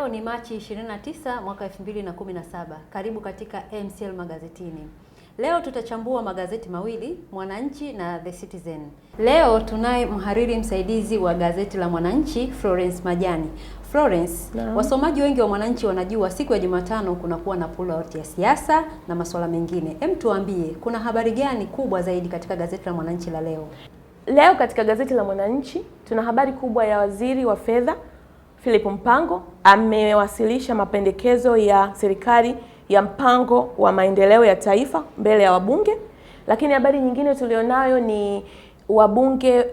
Leo ni Machi 29 mwaka 2017. Karibu katika MCL Magazetini. Leo tutachambua magazeti mawili, Mwananchi na The Citizen. Leo tunaye mhariri msaidizi wa gazeti la Mwananchi, Florence Majani. Florence, no. Wasomaji wengi wa Mwananchi wanajua siku ya Jumatano kunakuwa na pullout ya siasa na masuala mengine. Hem, tuambie kuna habari gani kubwa zaidi katika gazeti la Mwananchi la leo? Leo katika gazeti la Mwananchi tuna habari kubwa ya waziri wa fedha Philip Mpango amewasilisha mapendekezo ya serikali ya mpango wa maendeleo ya taifa mbele ya wabunge. Lakini habari nyingine tulionayo ni wabunge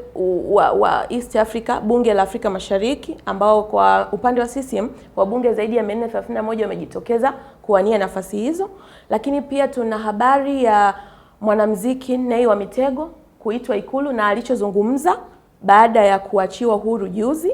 wa, wa East Africa, bunge la Afrika Mashariki, ambao kwa upande wa CCM wabunge zaidi ya 431 wamejitokeza kuwania nafasi hizo. Lakini pia tuna habari ya mwanamuziki Nay wa Mitego kuitwa Ikulu na alichozungumza baada ya kuachiwa huru juzi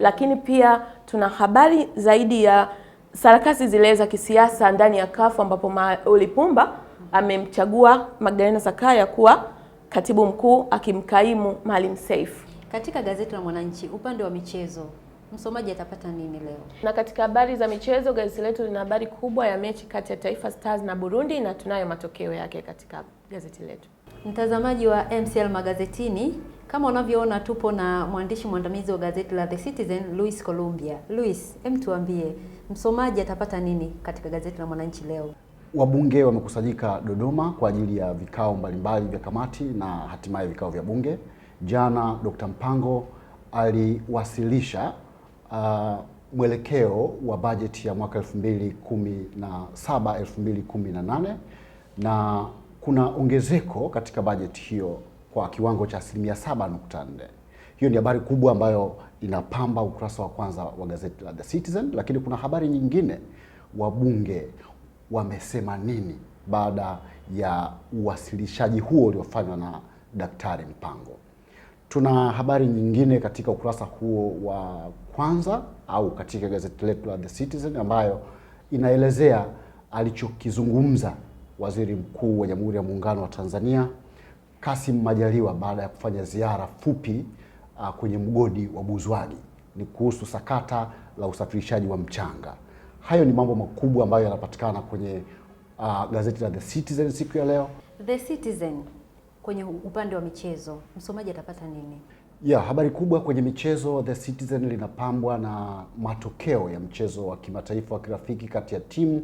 lakini pia tuna habari zaidi ya sarakasi zile za kisiasa ndani ya kafu ambapo Lipumba amemchagua Magdalena Sakaya kuwa katibu mkuu akimkaimu Maalim Seif. Katika gazeti la Mwananchi upande wa michezo msomaji atapata nini leo? Na katika habari za michezo, gazeti letu lina habari kubwa ya mechi kati ya Taifa Stars na Burundi na tunayo matokeo yake katika gazeti letu. Mtazamaji wa MCL magazetini, kama unavyoona tupo na mwandishi mwandamizi wa gazeti la The Citizen Luis Columbia. Luis, hem, tuambie msomaji atapata nini katika gazeti la Mwananchi leo? Wabunge wamekusanyika Dodoma kwa ajili ya vikao mbalimbali vya kamati na hatimaye vikao vya Bunge. Jana Dr. Mpango aliwasilisha uh, mwelekeo wa bajeti ya mwaka 2017 2018 na kuna ongezeko katika bajeti hiyo kwa kiwango cha asilimia 7.4. Hiyo ni habari kubwa ambayo inapamba ukurasa wa kwanza wa gazeti la The Citizen, lakini kuna habari nyingine, wabunge wamesema nini baada ya uwasilishaji huo uliofanywa na Daktari Mpango. Tuna habari nyingine katika ukurasa huo wa kwanza au katika gazeti letu la The Citizen ambayo inaelezea alichokizungumza Waziri Mkuu wa Jamhuri ya Muungano wa Tanzania Kassim Majaliwa baada ya kufanya ziara fupi uh, kwenye mgodi wa Buzwagi ni kuhusu sakata la usafirishaji wa mchanga. Hayo ni mambo makubwa ambayo yanapatikana kwenye uh, gazeti la The Citizen siku ya leo. The Citizen kwenye upande wa michezo, msomaji atapata nini? Yeah, habari kubwa kwenye michezo, The Citizen linapambwa na matokeo ya mchezo wa kimataifa wa kirafiki kati ya timu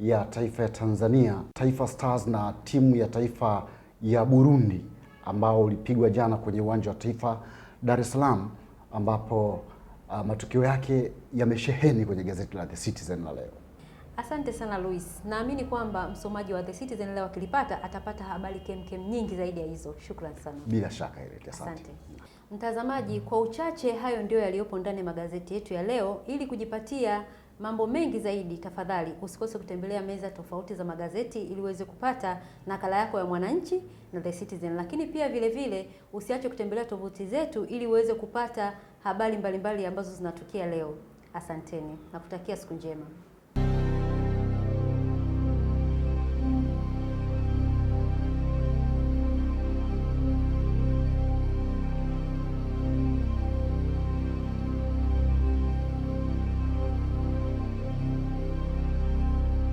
ya taifa ya Tanzania Taifa Stars na timu ya taifa ya Burundi ambao ulipigwa jana kwenye uwanja wa taifa Dar es Salaam, ambapo uh, matukio yake yamesheheni kwenye gazeti la The Citizen la leo. Asante sana Luis, naamini kwamba msomaji wa The Citizen leo akilipata atapata habari kemkem nyingi zaidi ya hizo. Shukrani sana. Bila shaka ile, asante. Asante mtazamaji, kwa uchache hayo ndio yaliyopo ndani ya magazeti yetu ya leo, ili kujipatia Mambo mengi zaidi, tafadhali usikose kutembelea meza tofauti za magazeti ili uweze kupata nakala yako ya Mwananchi na The Citizen, lakini pia vile vile usiache kutembelea tovuti zetu ili uweze kupata habari mbalimbali mbali ambazo zinatukia leo. Asanteni, nakutakia siku njema.